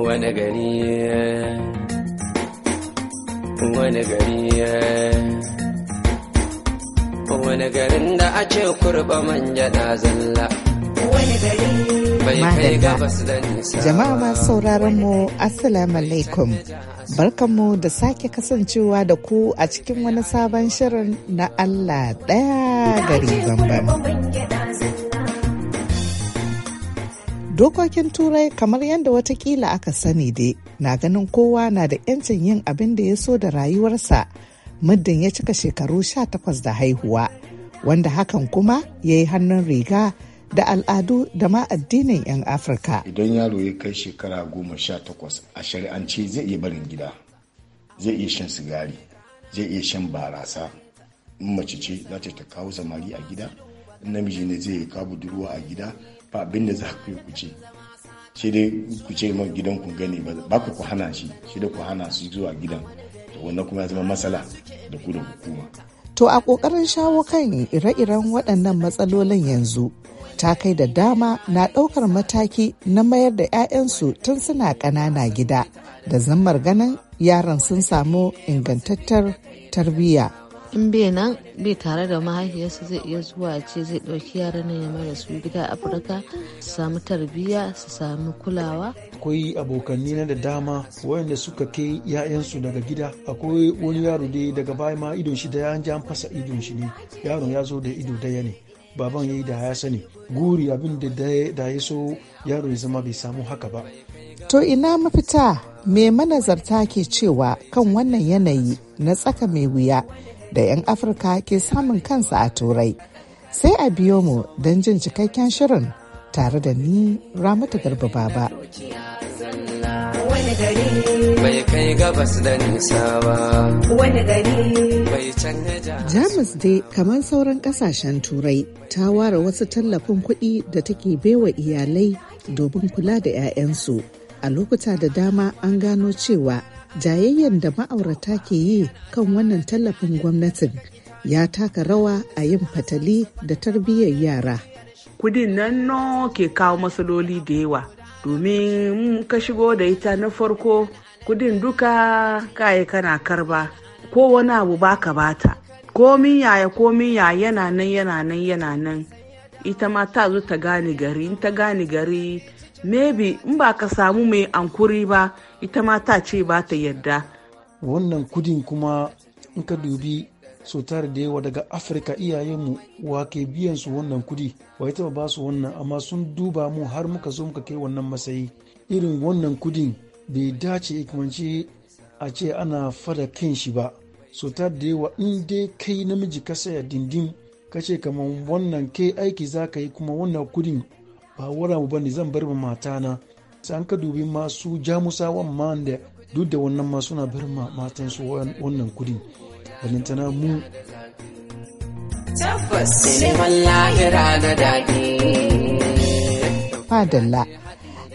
wani gari wani gari wani garin da a ce kurba manja na zalla wani gari jama'a ma sauraron mu assalamu alaikum barkanmu da sake kasancewa da ku a cikin wani sabon shirin na allah ɗaya gari bambam Dokokin Turai kamar yadda watakila aka sani dai na ganin kowa na da 'yancin yin abin da ya so da rayuwarsa muddin ya cika shekaru 18 da haihuwa wanda hakan kuma ya yi hannun riga da al'adu da ma addinin 'yan Afirka. Idan yaro ya kai shekara goma sha takwas a shari'ance zai iya barin gida, zai iya shan sigari, zai iya shan barasa, in mace ce za ta kawo samari a gida, namiji ne zai kawo budurwa a gida ba abin da za ku yi kuce shi dai ku ma gidan ku gani ba ku ku hana shi shi da ku hana su zuwa gidan wannan kuma ya zama matsala da ku da hukuma to a kokarin shawo kan ire-iren waɗannan matsalolin yanzu ta kai da dama na ɗaukar mataki na mayar da 'ya'yansu tun suna ƙanana gida da zammar ganin yaran sun samu ingantattar tarbiyya in bai nan bai tare da mahaifiyarsa zai iya zuwa ce zai ɗauki yaran na ya mara su gida afirka su samu tarbiyya su samu kulawa akwai abokanni na da dama wayanda suka kai ya'yansu daga gida akwai wani yaro dai daga baya ma idon shi da ya an fasa idon shi ne yaron ya zo da ido daya ne baban ya da ya sani guri abin da da ya so yaro ya zama bai samu haka ba to ina mafita me manazarta ke cewa kan wannan yanayi na tsaka mai wuya da 'yan afirka ke samun kansa a turai sai a biyo mu don jin cikakken shirin tare da ni ramata garba baba da jamus dai kamar sauran kasashen turai ta ware wasu tallafin kuɗi da take baiwa iyalai domin kula da 'ya'yansu a lokuta da dama an gano cewa jayayyar da ma'aurata ke yi kan wannan tallafin gwamnatin ya taka rawa a yin fatali da tarbiyyar yara. Kudin nan no ke kawo matsaloli da yawa domin ka shigo da ita na farko kudin duka kaye kana karba ko wani abu baka bata komin yaya komin yaya yana nan yana nan yana nan ita ma ta zo ta gane gari in ta gane gari maybe in ba ka samu mai ankuri ba ita ma ta ce ba ta yarda wannan kudin kuma in ka dubi so da yawa daga afirka iyayenmu wa ke biyan su wannan kudi wa ita taba ba su wannan amma sun duba mu har muka zo muka kai wannan masayi irin wannan kudin bai dace ikimanci a ce ana fada kan shi ba so da yawa in dai kai namiji ka saya dindin ka ce kamar wannan kai aiki za ka yi kuma wannan kudin ba wura mu bane zan bar ma matana sai an ka dubi masu jamusawan ma da duk da wannan ma suna bar ma matansu wannan kudin balantana mu fadalla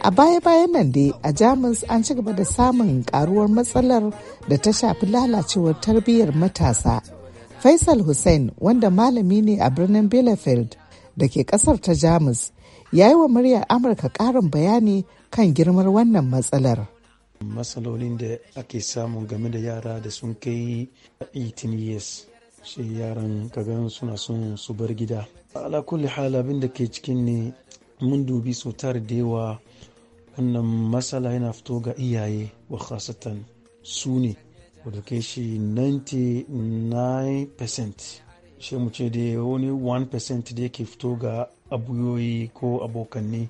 a baya-bayan nan dai a jamus an ci gaba da samun karuwar matsalar da ta shafi lalacewar tarbiyyar matasa faisal hussein wanda malami ne a birnin bielefeld da ke kasar ta jamus ya yi wa muryar amurka ƙarin bayani kan girmar wannan matsalar matsalolin da ake samu game da yara da sun kai 18 years shi yaran kagan suna son su bar gida ala kulli hal abin da ke cikin ne mun dubi su tare da yawa wannan matsala yana fito ga iyaye wa khasatan su ne wadda ke shi 99% shi mu ce da wani 1% da yake fito ga abuyoyi ko abokanni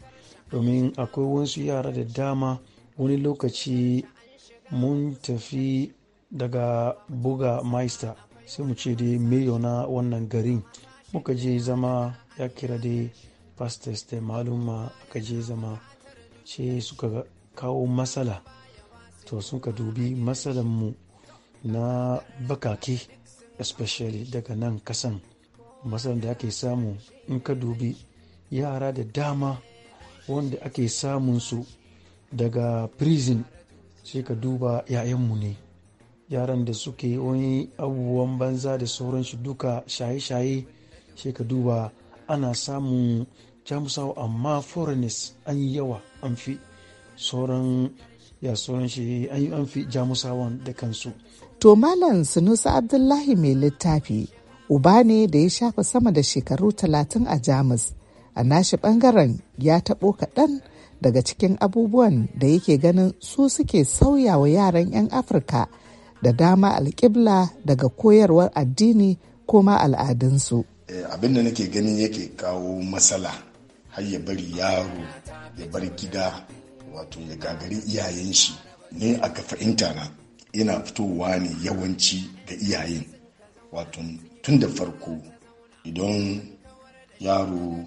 domin akwai wasu yara da dama wani lokaci mun tafi daga buga maista sai mu ce da miliyona wannan garin muka je zama ya kira da pastors da maluma aka je zama ce suka kawo matsala to sun ka dubi matsalanmu na bakake especially daga nan kasan matsalar da ake samu in ka dubi yara da dama wanda ake samun su daga prison sai ka duba yayanmu ne yaran da suke wani abubuwan banza da sauran shi duka shaye-shaye sai ka duba ana samun jamusawa amma foreigners an yi yawa an fi sauran ya sauran shi an fi jamusawan da kansu To Malam Sunusa Abdullahi mai littafi, uba ne da ya shafa sama da shekaru talatin a Jamus, a nashi bangaren ya taɓo kaɗan daga cikin abubuwan da yake ganin su suke sauya wa yaran 'yan Afirka da dama alƙibla daga koyarwar addini ko ma al'adunsu. Eh, abin da nake ganin yake kawo matsala har ya bari yaro ya bar gida wato ya gagari iyayen shi ne a fahimta na. yana fitowa ne yawanci ga iyayen wato tun da farko idan yaro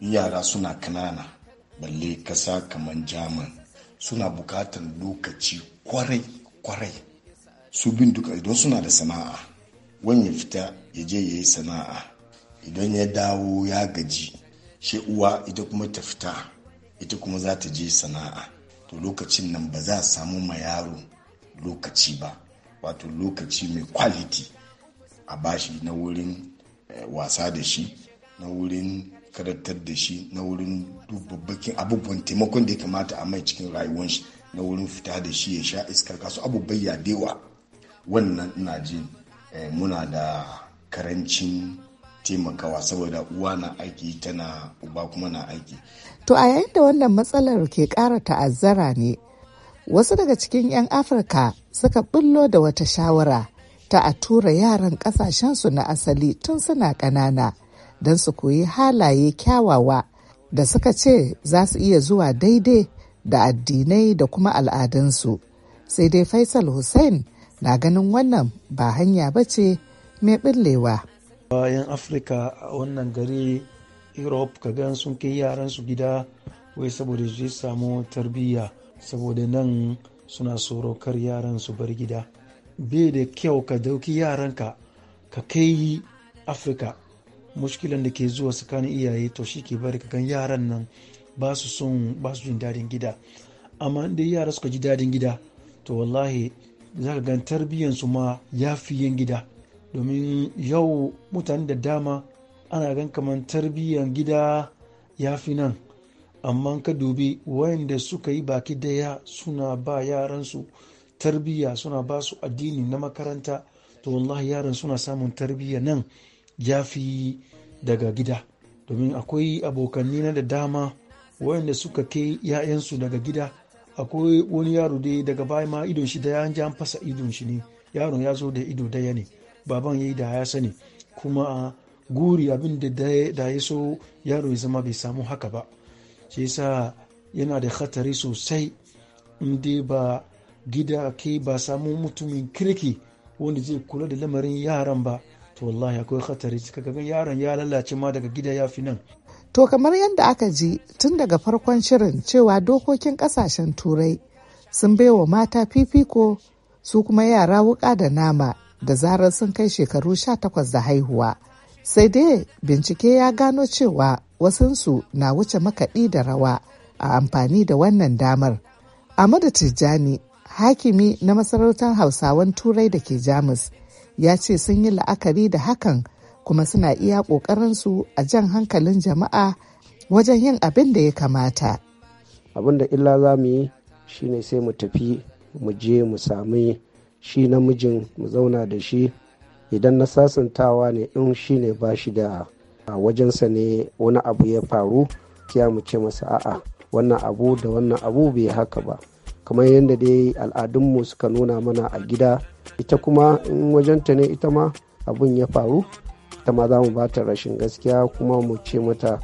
yara suna kanana balle kasa kamar jaman suna bukatar lokaci kwarai-kwarai su bin duka idan suna da sana'a wani ya fita ya je ya yi sana'a idan ya dawo ya gaji shi uwa ita kuma ta fita ita kuma za ta je sana'a to lokacin nan ba za a samu ma yaro lokaci ba wato lokaci mai kwaliti a bashi na wurin eh, wasa da shi na wurin karantar da shi na wurin dubabbakin abubuwan taimakon da ya kamata a mai cikin rayuwar shi na wurin fita da shi ya sha iskar kasu abubuwan ya wannan ina jin eh, muna da karancin taimakawa saboda uwa na aiki tana uba kuma na aiki to a yayin da wannan matsalar ke ƙara ta'azzara ne Wasu daga cikin 'yan Afirka suka bullo da wata shawara ta a tura yaran ƙasashensu na asali tun suna ƙanana don su koyi halaye kyawawa da suka ce za su iya zuwa daidai da addinai da kuma al'adunsu. Sai dai Faisal Hussein na ganin wannan ba hanya ba ce mai billewa Bayan Afirka a wannan gari Europe ka gan sun kai yaran su gida wai saboda su samu tarbiyya. saboda nan suna tsoro kar yaran su bar gida bai da kyau ka dauki yaranka ka kai afirka mushkilan da ke zuwa tsakanin iyaye to shi ke bari ka gan yaran nan ba su sun ba su jin dadin gida amma inda yara suka ji dadin gida to wallahi za ka gan tarbiyyansu ma ya fi yin gida domin yau mutane da dama ana gan kamar tarbiyyan gida ya fi nan amma ka dubi wayanda suka yi baki daya suna ba yaransu tarbiyya suna ba su addini na makaranta to wallahi yaran suna samun tarbiyya nan ya fi daga gida domin akwai abokanni na da dama wayanda suka ke yayansu daga gida akwai wani yaro dai daga baya ma idon shi da ya an fasa idon shi ne yaron ya zo da ido daya ne baban yayi da ya sani kuma guri abin da da ya so yaro ya zama bai samu haka ba shi yasa yana da hatari sosai inda ba gida ke ba samu mutumin kirki wanda zai kula da lamarin yaran ba to wallahi akwai hatari kaga yaron ya lalace ma daga gida ya fi nan to kamar yadda aka ji tun daga farkon shirin cewa dokokin kasashen turai sun baiwa mata fifiko su kuma yara wuka da nama da zarar sun kai shekaru 18 da haihuwa sai dai bincike ya gano cewa wasansu na wuce makaɗi da rawa a amfani da wannan damar. Amadu Tijjani, hakimi na masarautar Hausawan Turai da ke Jamus, ya ce sun yi la'akari da hakan kuma suna iya ƙoƙarinsu a jan hankalin jama'a wajen yin abin da ya kamata. Abin da illa za mu yi shi ne sai mu tafi mu je mu sami shi namijin mu zauna da shi idan na sasantawa ne in shi ne ba shi da a wajensa ne wani abu ya faru kiya mu ce masa a'a wannan abu da wannan abu bai haka ba kamar yadda dai al'adunmu suka nuna mana a gida ita kuma in wajenta ne ita ma abun ya faru ita ma za mu ba ta rashin gaskiya kuma mu ce mata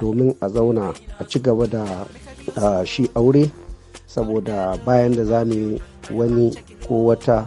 domin a zauna a ci gaba da shi aure saboda bayan da za mu wani ko wata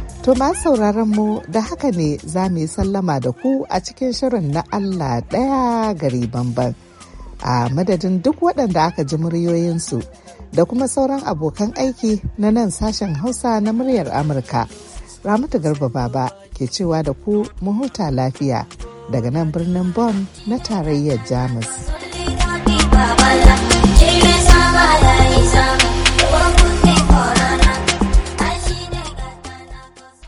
To ma sauraron mu da haka ne za mu yi sallama da ku a cikin shirin na Allah ɗaya gari bamban. A madadin duk waɗanda aka ji muryoyinsu da kuma sauran abokan aiki na nan sashen Hausa na muryar Amurka. Ramatu Garba Baba ke cewa da ku mu huta lafiya daga nan birnin Bon na tarayyar Jamus.